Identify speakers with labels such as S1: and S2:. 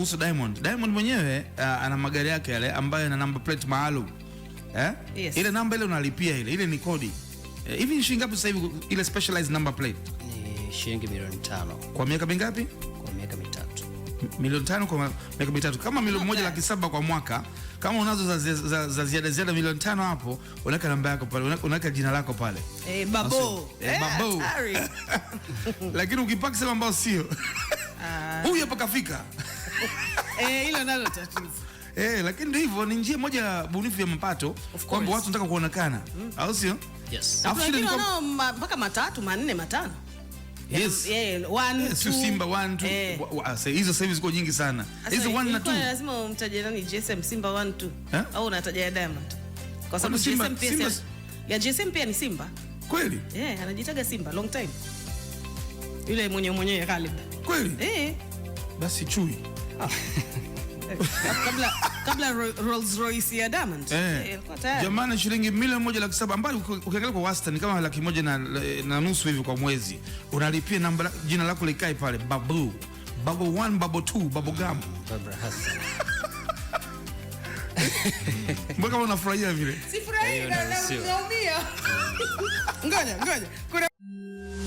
S1: Kuhusu Diamond, Diamond mwenyewe uh, ana magari yake yale ambayo yana number plate maalum eh? Yes. Ile namba ile unalipia ile ile ni kodi eh, hivi. eh, ni shilingi ngapi sasa hivi ile specialized number plate?
S2: Ni shilingi milioni tano. Kwa miaka mingapi? Kwa miaka mitatu.
S1: Milioni tano kwa miaka mitatu, kama milioni moja laki saba kwa mwaka. Kama unazo za, za, za, za ziada ziada milioni tano hapo, unaweka namba yako pale, unaweka jina lako pale
S2: hey, babo.
S1: Hey, babo. Lakini ukipaki sema ambao sio ah. huyu hapa kafika
S2: Eh, hilo nalo tatizo.
S1: Eh, lakini ndio hivyo, ni njia moja bunifu ya mapato kwamba watu wanataka kuonekana, mm. au sio?
S2: Yes. Kwa... Nao mpaka matatu, manne, matano. Yes. Yeah, one, yes, eh,
S1: two, Simba one, two. Eh. Hizo sasa hivi ziko nyingi sana. Hizo one na two.
S2: Lazima umtaje nani GSM Simba one two eh? au unataja ya Diamond? Kwa sababu GSM pia ya GSM pia ni Simba. Kweli? Eh, anajitaga Simba long time. Yule mwenye mwenyewe Khalid. Kweli? Eh.
S1: Basi chui.
S2: kabla kabla Rolls Royce ya Diamond
S1: eh, jamani, shilingi milioni moja laki saba ambayo ukiangalia kwa wastani kama laki moja na, na nusu hivi kwa mwezi, unalipia namba jina lako likae pale, babu babo 1 babo 2 babo gam
S2: Barbara Hassan
S1: mbona kama unafurahia vile?
S2: Sifurahii na naumia. Ngoja ngoja, kuna